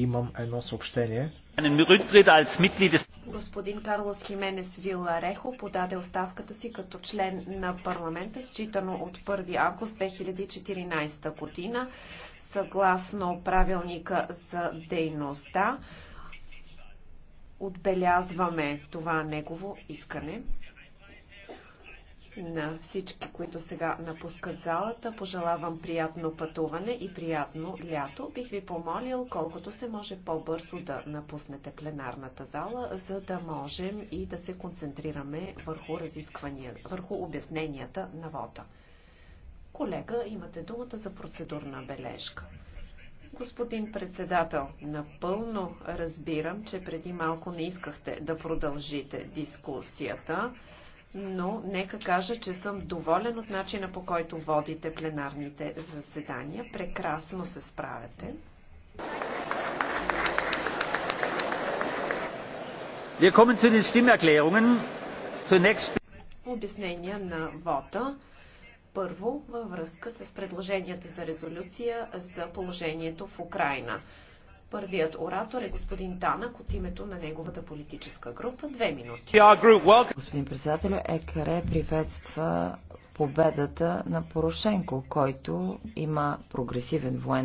имам едно съобщение. Господин Карлос Хименес Виларехо подаде оставката си като член на парламента, считано от 1 август 2014 година, съгласно правилника за дейността. Отбелязваме това негово искане на всички, които сега напускат залата. Пожелавам приятно пътуване и приятно лято. Бих ви помолил колкото се може по-бързо да напуснете пленарната зала, за да можем и да се концентрираме върху разисквания, върху обясненията на вота. Колега, имате думата за процедурна бележка. Господин председател, напълно разбирам, че преди малко не искахте да продължите дискусията но нека кажа, че съм доволен от начина по който водите пленарните заседания. Прекрасно се справяте. обяснения на вота. Първо, във връзка с предложенията за резолюция за положението в Украина. Първият оратор е господин Танък от името на неговата политическа група. Две минути. Господин председател, ЕКРЕ приветства победата на Порошенко, който има прогресивен военен